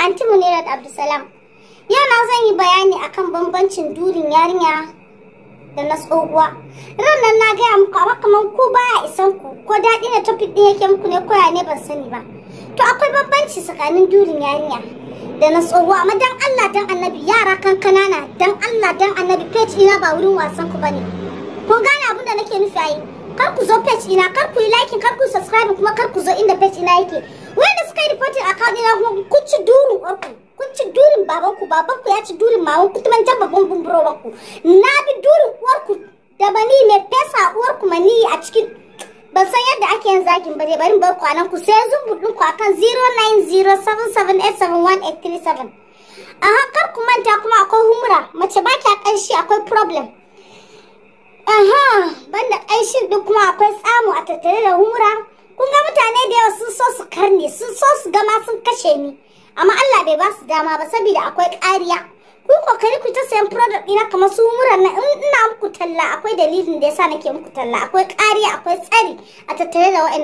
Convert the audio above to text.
Anti Munirat abdusalam Yau na zan yi bayani akan bambancin durin yarinya da na tsohuwa. Ranar na gaya muku amma kamar ku baya isan ku ko daɗi na topic ɗin yake muku ne ko ya ne ban sani ba. To akwai bambanci tsakanin durin yarinya da na tsohuwa amma dan Allah dan annabi yara kan kanana dan Allah dan annabi page ina ba wurin wasan ku bane. ko gane abin da nake nufi ayi. Kar ku zo page ina kar ku yi like kar ku subscribe kuma kar ku zo inda page ina yake. Wanda suka yi reporting account ina kuma ku ci babanku babanku ya ci durin mawon ku tuman jabba bumbun ku na bi durin uwarku da bani mai fesa uwarku mani a cikin ban san yadda ake yin zakin ba ne bari bar kwanan ku sai zumbur din ku akan 09077871837 a hankar ku manta kuma akwai humura mace ba ta kanshi akwai problem aha banda kanshin din kuma akwai tsamu a tattare da humura kun ga mutane da yawa sun so su karne sun so su gama sun kashe ni amma Allah bai ba su dama ba saboda akwai ƙariya ku kokari ku ta sayan product ɗina kamar su muran na ina muku talla akwai dalilin da yasa nake muku talla akwai ƙariya akwai tsari a tattare da wa'annan